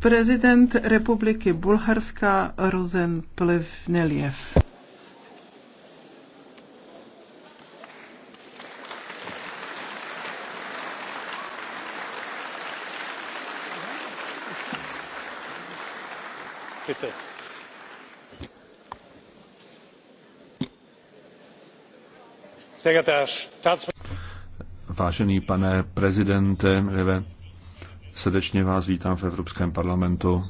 Prezident republiky Bulharska Rozen Plevneliev. Sehr geehrter Herr Vážený pane prezidente, srdečně vás vítám v Evropském parlamentu.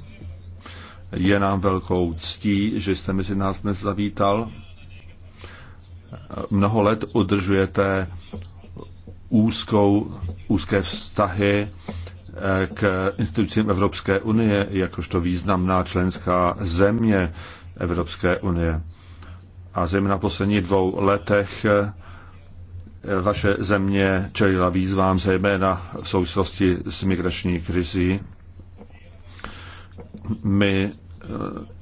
Je nám velkou ctí, že jste mezi nás dnes zavítal. Mnoho let udržujete úzkou, úzké vztahy eh, k institucím Evropské unie, jakožto významná členská země Evropské unie. A zejména v posledních dvou letech eh, vaše země čelila výzvám, zejména v souvislosti s migrační krizí. My eh,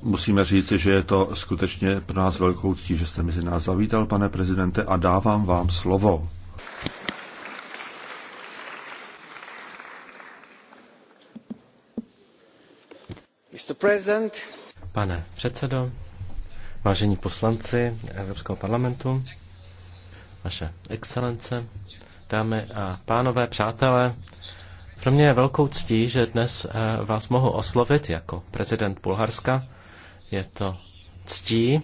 musíme říci, že je to skutečně pro nás velkou ctí, že jste mezi nás zavítal, pane prezidente, a dávám vám slovo. Pane předsedo, vážení poslanci Evropského parlamentu, vaše excelence, dámy a pánové, přátelé. Pro mě je velkou ctí, že dnes eh, vás mohu oslovit jako prezident Bulharska. Je to ctí,